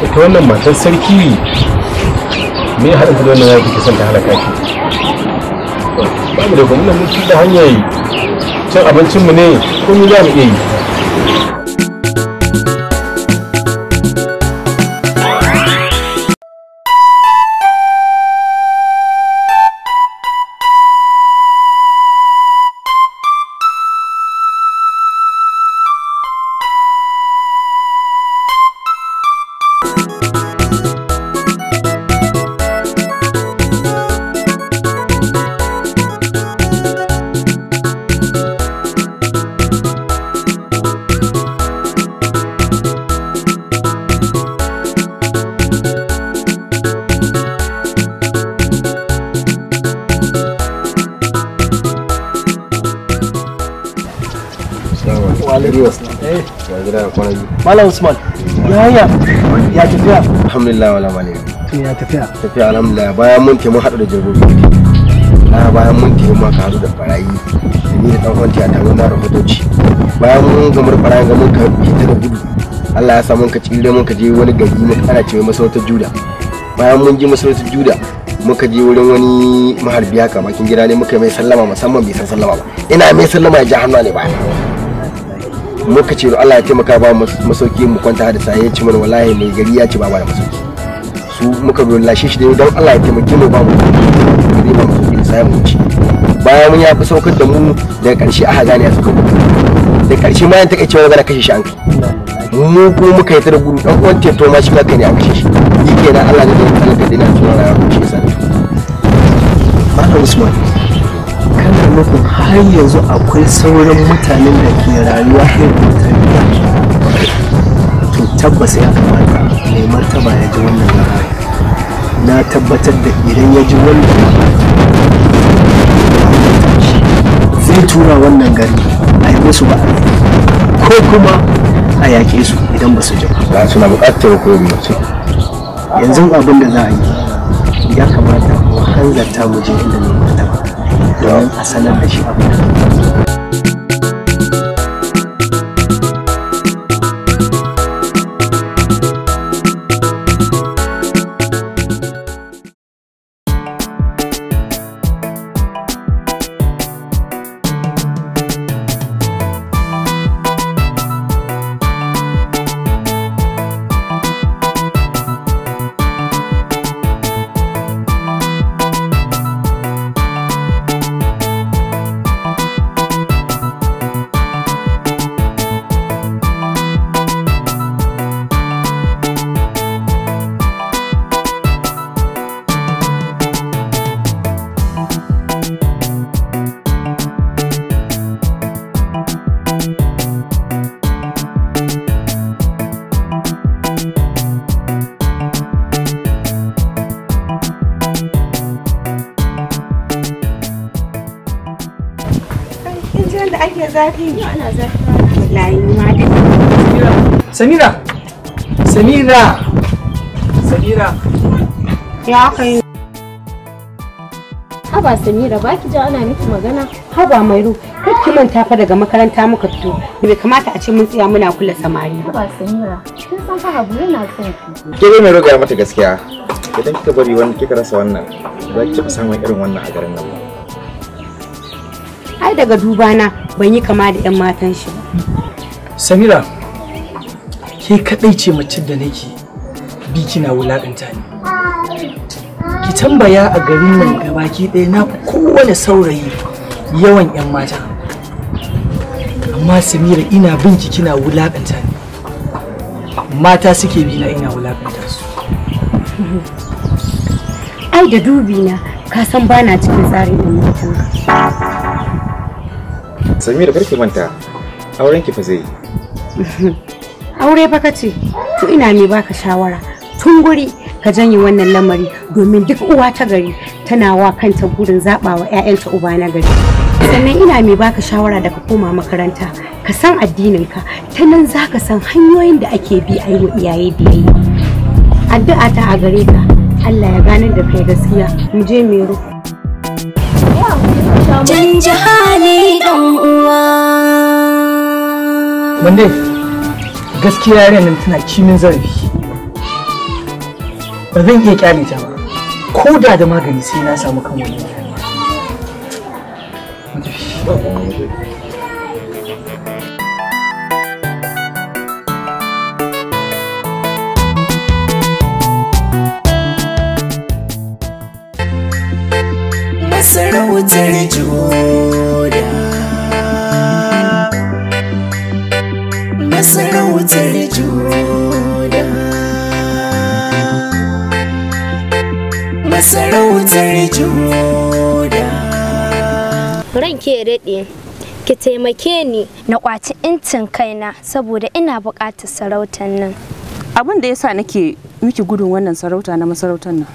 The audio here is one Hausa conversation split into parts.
ita wannan matar sarki ne haɗin ta da wannan yaki kisan ta halaka ki ba mu da gwamnan da hanyar cin abincinmu ne ko mu za mu iya yi Malam Usman, yaya ya tafiya? Alhamdulillah wala mali. Ya tafiya. Tafiya alhamdulillah bayan mun taimu hadu da jirgobi. Na bayan mun ma ka hadu da barayi. Ni da dan kwanti a tamu na rahotoci. Bayan mun gamar barayin ga mun ka fita da gudu. Allah ya sa mun ka cire mun ka je wani gari mun kana ce masarautar Juda. Bayan mun ji masarautar Juda muka je wurin wani maharbiya haka bakin gida ne muka mai sallama musamman bai san sallama ba ina mai sallama ya ji hannu ne baya lokaci da Allah ya taimaka ba masauki mu kwanta da saye ci mana wallahi mai gari ya ci ba da masauki su muka lashe shi da don Allah ya taimake mu ba mu gari ba masauki da saye mu ci bayan mun ya fi saukar da mu daga karshe a gane a suka da karshe ma yan take cewa gana kashe shi an kai mu ko muka yi ta da gudu dan uwan teto ma shi ma kai ne a kashe shi ni kenan Allah ne da ya da dina cewa na ya kushe sa Malam Usman yana nufin har yanzu akwai sauran mutanen da ke rayuwa irin tarbiyya to tabbas ya kamata mai martaba ya ji wannan labari na tabbatar da idan ya ji wannan labari zai tura wannan gari a yi musu ba ko kuma a yaƙe su idan ba su ji ba suna buƙatar ko koyon ce. yanzu abin da za a yi ya kamata mu hanzarta mu je inda ne domin a sanar da shi zafi Samira Samira Samira ya kai Haba Samira ba ki ji ana miki magana Haba Mairu kar ki manta fa daga makaranta muka fito bai kamata a ce mun tsaya muna kula samari Haba Samira kin san fa Habu yana son ki Ke dai mai roga mata gaskiya idan kika bari wani kika rasa wannan za ki wani irin wannan a garin nan ba. ai daga duba na ban yi kama da yan matan shi ba samira ke kadai ce mace da nake bi kina wulakanta ni ki tambaya a garin nan gabaki ɗaya na kowane saurayi yawan yan mata amma samira ina binki kina wulakanta ni mata suke bi na ina wulakanta su ai da dubi na ka san bana cikin tsarin yan matan samira barki manta auren ki fa zai aure fa kace to ina ne baka shawara tun guri ka janye wannan lamari domin duk uwa ta gari tana wa kanta gurin zabawa ƴaƴanta uba na gari sannan ina mai baka shawara da ka koma makaranta ka san addininka ta nan za ka san hanyoyin da ake bi a yi iyaye biyayya addu'a ta a gare ka Allah ya ganar da kai gaskiya mu je mero canja hali dan uwa wanda gaskiya yaren tana cimin zarafi ba zan iya kyale ta ba Koda da magani sai na samu kan sarautar joda masarautar joda masarautar joda ranke daɗe ki taimake ni na kwaci incin kaina saboda ina buƙatar sarautar nan abin da yasa nake miki gudun wannan sarauta na masarautar nan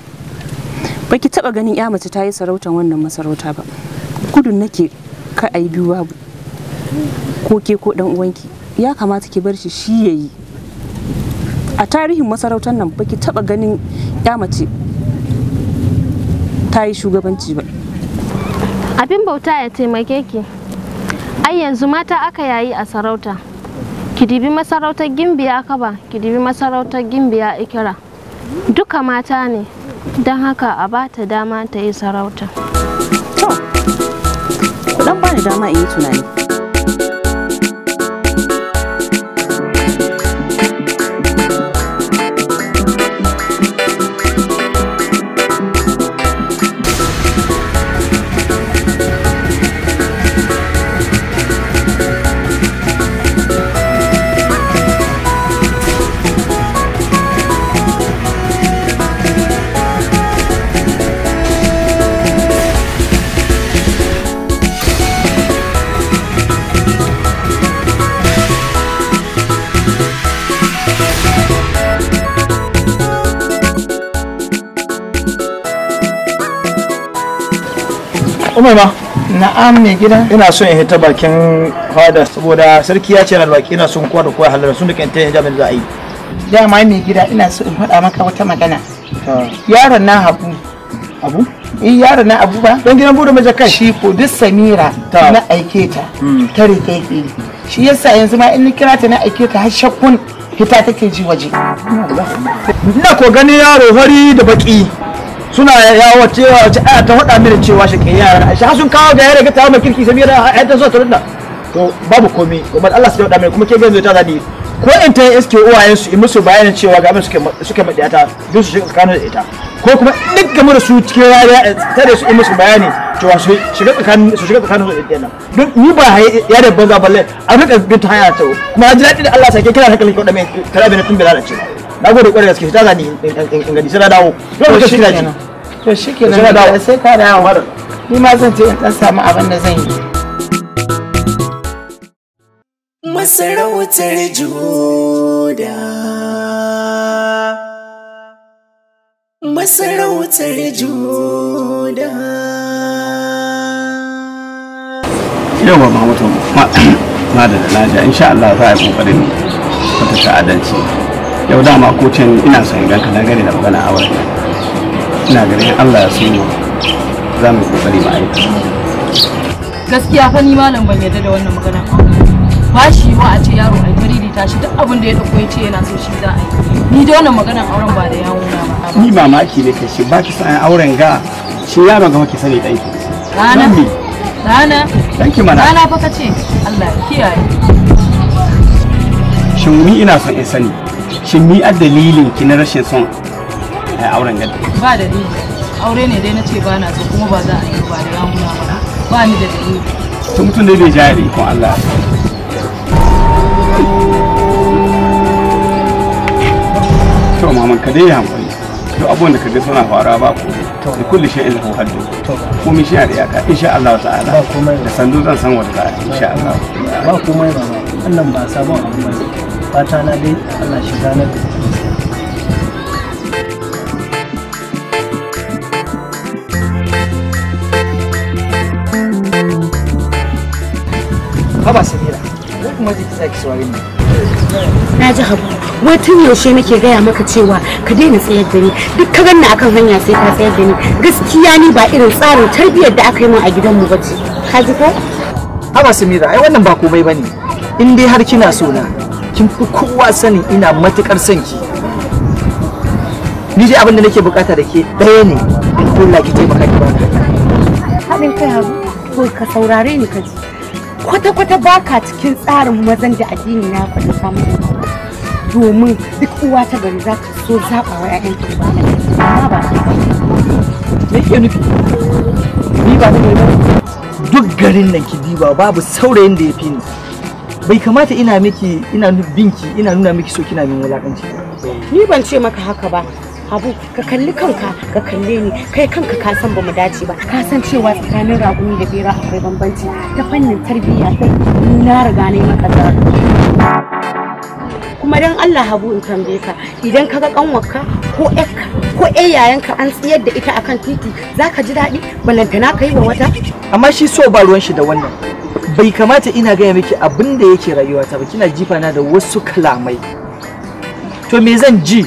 baki taba ganin ya mace ta yi sarautar wannan masarauta ba gudun nake ka ai yi biyu babu ko ke ko dan uwanki ya kamata ki bar shi shi yayi a tarihin masarautar nan baki taba ganin ya mace ta yi shugabanci ba abin bauta ya taimake ki ai yanzu mata aka yayi a sarauta ki dibi masarautar gimbiya kaba ki dibi masarautar gimbiya ikira duka mata ne don haka a ba ta dama ta yi sarauta. To, ku ɗan ba ni dama in yi tunani. umaima na'am mai gida ina son in hita bakin fada saboda sarki ya ce na baki ina son kowa da kowa halara sun duka ta da za a yi dama mai gida ina so in faɗa maka wata magana yaron na abu abu eh yaron na abu ba don gidan bude maja kai shi ko duk samira na aike ta hmm. ta rike ki shi yasa yanzu ma in kira ta na aike ta har shakkun fita take ji waje ina ko gani yaro fari da baki suna yawo cewa ce aya ah, ta faɗa mini cewa shi ke yara shi sun kawo ga yare ga tawo mai kirki sabira ayat ah, ta so ta rinda to babu komai kuma Allah sai ya faɗa mini kuma ke gazo ta zadi ko in ta iske uwayen su in musu bayanin cewa ga abin suke suke madiyata duk su shiga tsakanin da ita ko kuma duk game da su cikin rariya eh, tare su in musu bayani cewa su shiga tsakanin su shiga tsakanin su da ita don ni ba ya da banza balle a rika bin ta haya ta kuma ji daɗi da Allah sai ke kira hankalin da mai karabe na tun bilalace na gode kwarai gaske ta zani in ga sai da dawo yau da shi kenan to shi ke nan sai ka dawo ni ma zan je in ɗan samu abin da zan yi masarautar juda masarautar juda yawa ba ma da laja insha Allah za a yi kokarin wata ta'adanci yau dama ko ina son ganka gani da magana a wurin ina ganin allah ya so za mu kokari ba aika gaskiya fa ni malam ban yarda da wannan magana ba shi wa a ce yaro ai faridi tashi duk abin da ya dauko ya ce yana so shi za a yi ni da wannan magana auren ba da yawo na ba ni mamaki ne kashi ba ki san auren ga shi yaron ga muke sani danki rana rana danki mana rana fa kace Allah ya kiyaye shin ni ina son in sani shin ni a dalilin ki na rashin son ai auren gadi ba da dalili aure ne dai nace ba na so kuma ba za a yi ba da ramuna ba ba ni da dalili to mutum dai bai jaya da ikon Allah to maman ka dai hankali duk abubuwan da kaga suna faruwa ba ku da kulli shi ilhu haddu ko mi shi a da yaka insha Allah ta'ala ba da sandu zan san wanda za insha Allah ba komai ba wannan ba sabon abu ba fata na dai Allah shi zanar da haba samira ko kuma zai ki saki saurayin mu na ji habu wai tun yaushe nake gaya maka cewa ka daina tsayar da ni duk ka ganna akan hanya sai ka tsayar da ni gaskiya ni ba irin tsarin tarbiyyar da aka yi min a gidanmu ba ce ka ji ko haba samira ai wannan ba komai bane in dai har kina so na kin fi kowa sanin ina matukar son ki ni dai abin da nake bukata da ke ɗaya ne in kulla ki taimaka ki ba haɗin kai habu ko ka saurare ni ka ji kwata-kwata ba ka cikin tsarin mazan da addini na kwata samun domin duk uwa ta gari za ta so zaɓa wa 'ya'yan ta ba ba ne ke nufi ni ba ta ba. duk garin nan ki diba babu saurayin da ya fi ni bai kamata ina miki ina nuna miki so kina min wulakanci ni ban ce maka haka ba habu ka kalli kanka ka kalle ni kai kanka ka san bamu dace ba ka san cewa tsakanin raguni da bera akwai bambanci ta fannin tarbiyya sai na riga ne maka kuma dan Allah habu in tambaye ka idan kaga kanwarka ko ƴarka ko ƴar yayanka an tsiyar da ita akan titi zaka ji daɗi balantana kai wa wata amma shi so ba ruwan shi da wannan bai kamata ina gaya miki abin da yake rayuwata ba kina jifa na da wasu kalamai to me zan ji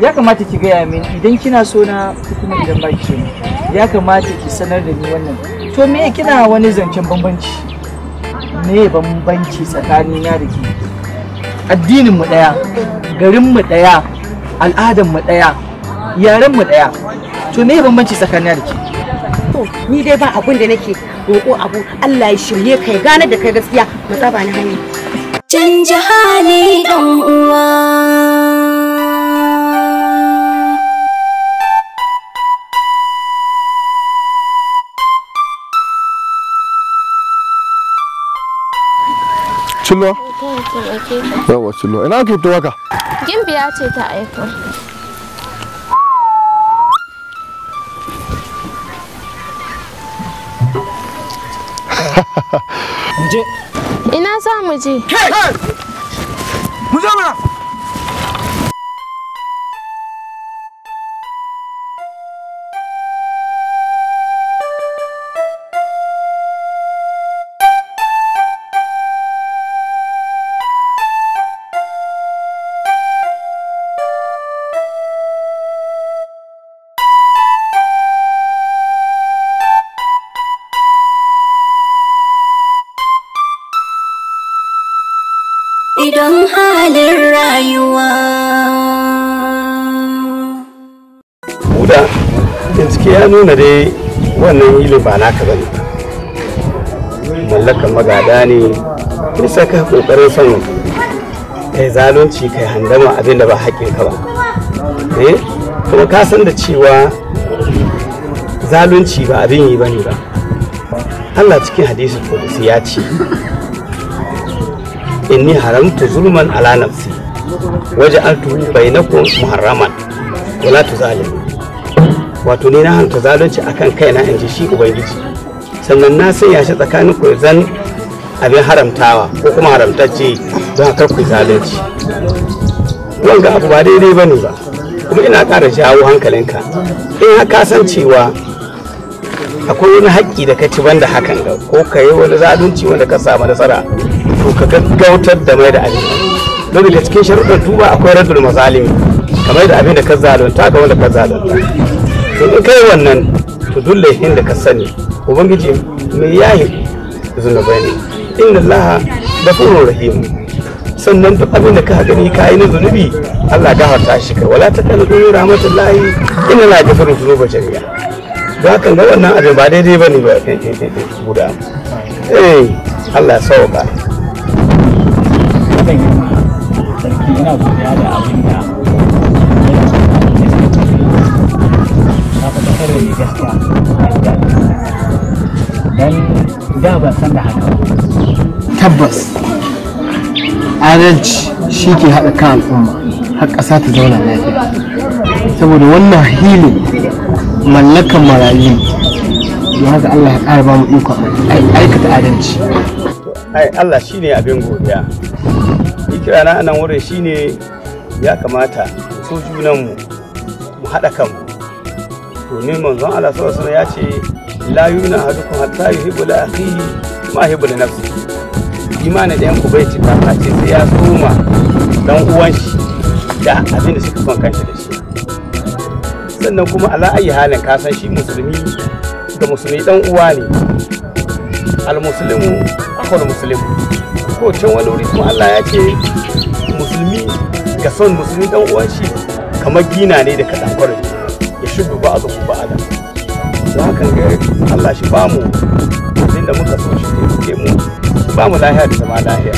ya kamata ki gaya min idan kina so na kuma idan ba ki ya kamata ki sanar da ni wannan to me kina wani zancen bambanci me bambanci tsakanin na da ke addinin mu daya garin mu daya al'adan mu daya yaren mu daya to me bambanci tsakanin da ke to ni dai ba abun da nake roko abu Allah ya shirye kai gane da kai gaskiya mu matsaba na hanya canja hali dan uwa Cillo? Yawa Cillo. Ina ake ta waka? Gimbiya ce ta aiko. Muje. Ina za mu je? Mu mana. don halin rayuwa muda bincike ya nuna dai wannan hili ba naka ba ne mallakan magada ne nisa ka kokarin son kai zalunci kai handama abin da ba haƙƙinka ba eh kuma ka san da cewa zalunci ba abin yi ba ne ba Allah cikin hadisi ko ya ce inni haramtu zulman ala nafsi waje altu bainakum muharraman wala tuzalimu wato ne na hanta zalunci akan kaina in ji shi ubangiji sannan na sanya shi tsakanin ku zan abin haramtawa ko kuma haramtacce don haka ku zalunci wanga abu ba daidai ba bane ba kuma ina ƙara jawo hankalinka in ka san cewa akwai wani haƙƙi da ka ci banda hakan ga ko ka yi wani zalunci wanda ka samu nasara to ka gaggautar da mai da abin don da cikin sharuɗin tuba akwai radul mazalimi kamar da abin da ka zalunta ga wanda ka zalunta to in kai wannan to duk laifin da ka sani ubangiji mai yayi zunubai ne inna allaha ghafurur rahim sannan duk abin da ka gani ka yi na zunubi Allah gafarta shi ka wala ta taqulu rahmatullahi inna la yaghfiru dhunuba jami'a za ka ga wannan abin ba daidai ba ne ba guda eh Allah sau ba da da ba san da haka tabbas adalci shi ke haɗa kan al'umma har ƙasa ta zauna lafiya saboda wannan hilin mallakan marayu don haka Allah ya ƙara ba mu iko aikata adalci ai Allah shine abin godiya kira na nan wurin shine ya kamata so junan mu mu haɗa to ne manzon Allah sallallahu alaihi ya ce la yuna hadukum hatta yuhibbu li akhihi ma yuhibbu li nafsihi imani da yanku bai cika ta ce sai ya soma dan uwan shi da abin da suka son kanshi da sannan kuma ala ayi halin ka san shi musulmi da musulmi dan uwa ne al musulmu, Akwai muslim ko can wani wuri kuma Allah ya ce musulmi ga son musulmi dan uwan shi kamar gina ne da kadan kwarin ya shudu ba azu ba ala don haka ga Allah shi ba mu inda muka so shi ne mu ba mu lahiya da zama lahiya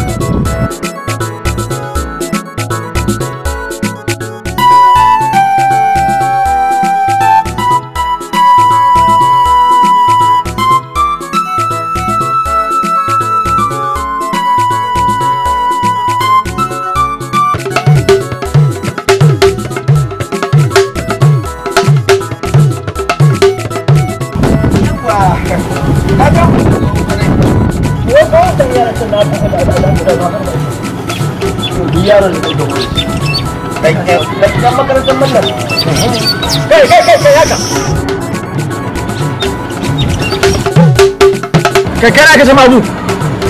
kai kai ka sama abu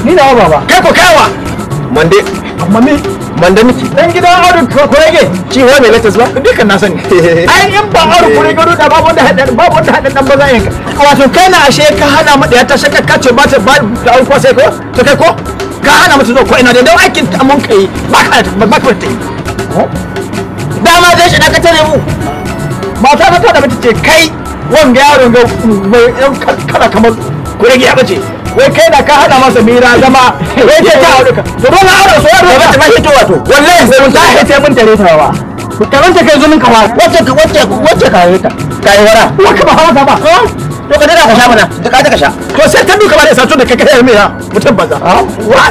ni da baba kai ko kaiwa mande amma me mande miki dan gidan aure ko kurege shi wa me latas ba dukan na sani ai in ba aure kurege da babu wanda hada babu wanda hada dan bazan yanka wato kai na ashe ka hana mu da ta shaka ka ce ba ta ba ta aure ko sai ko to kai ko ka hana mu zuwa ko ina da dai aikin ta mun kai ba ka ba ka ta ma da shi da ka tare mu mata ta da mutunci ce kai wanga yaron ga mai kala kamar kurege ya bace wai kai da ka hada masa mira zama wai ce ta aure ka to dole aure so ya dole ta hito wato wallahi sai mun ta hito mun tare ta ba ku karanta kai zumin ka ba wacce ka wacce wacce ka hita kai wara wa ka ba hawa ba to ka dada ka sha mana da ka ka sha to sai ta duka ba da sato da kai kai mira mutum banza wa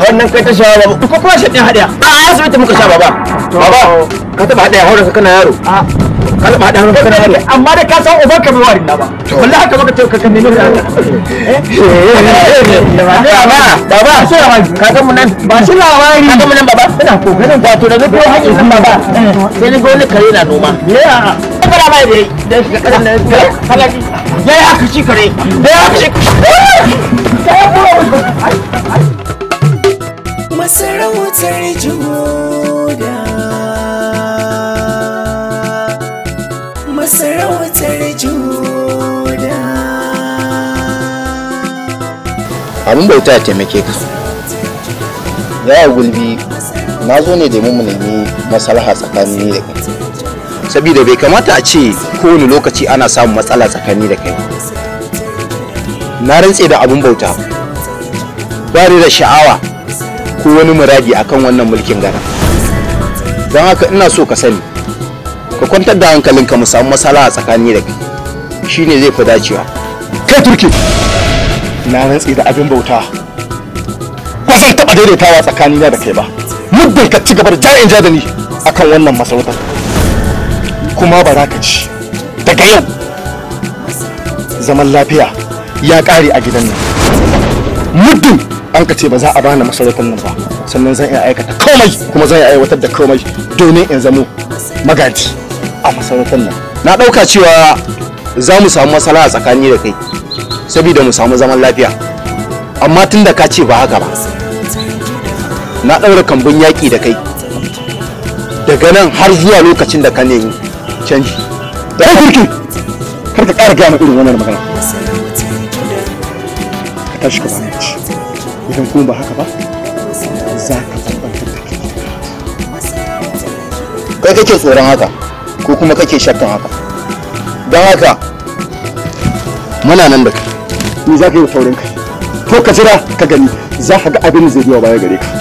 wannan kai ta sha ba ko kuma shi din hadiya a asibiti muka sha ba baba Baba, ka taba haɗa Ka taba haɗa sa kana yaro. Amma da ka na ba. Wallahi haka baka tauka kan nemi Baba, baba, shi Ka ga Ka ga baba. Ina kokarin wato da zai ko haƙin nan baba. Sai ni Ne Ka mai dai. shi ka Ya kare. ya Masarautar jihoda. abin bauta ya taimake ka Ya yaya gulbi na zo ne domin mu nemi maslaha tsakanin ni da kai saboda bai kamata a ce kowane lokaci ana samun matsala tsakani da kai na rantse da abin bauta ba da sha'awa ko wani muradi akan wannan mulkin gara don haka ina so ka sani ka kwantar da hankalinka mu samu matsala a tsakani da kai shine zai fi dacewa kai turki na rantsi da abin bauta ba zan taɓa daidaitawa tsakanina da kai ba muddin ka ci gaba da ja'in ja da ni akan wannan masarautar kuma ba za ka ci daga yau zaman lafiya ya kare a gidan nan muddin an ka ce ba za a bani masarautar nan ba sannan zan iya aikata komai kuma zan iya aiwatar da komai domin in zamo magaji a masarautar nan na ɗauka cewa za mu samu masala a tsakani da kai saboda mu samu zaman lafiya amma tun da ka ce ba haka ba na ɗaura kambun yaƙi da kai daga nan har zuwa lokacin da ka nemi canji da aikin kar ka ƙara gaya irin wannan magana ka tashi ka bani ci idan kuma ba haka ba za ka kai kake tsoron haka ko kuma kake shakkan haka don haka muna nan da ni za ka yi taurin kai to ka jira ka gani za ka ga abin zai biyo baya gare ka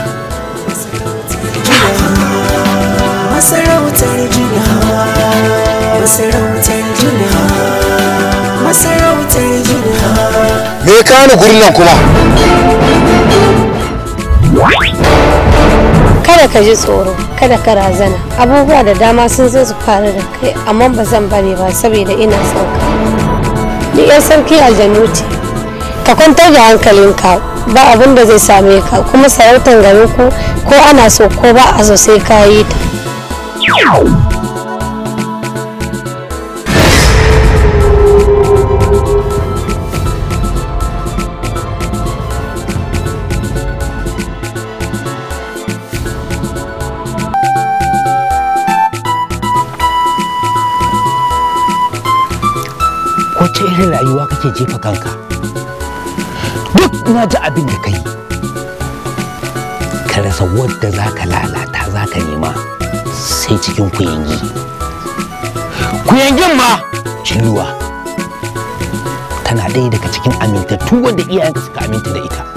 me ka ni gurin nan kuma kada ka ji tsoro kada ka razana abubuwa da dama sun zo su faru da kai amma ba zan bari ba saboda ina sauka. ni yan sarki aljanuti. ka kwantar da hankalinka ba abin da zai same ka kuma sarautar garin ku ko ana so ko ba a so sai ka yi ta wace irin rayuwa kake jefa kanka Ina ji abin da kai ka rasa wadda za ka lalata za ka nema sai cikin kuyangi kuyangin ma ciluwa tana ɗaya daga cikin amintattu wanda iyayenka suka aminta da ita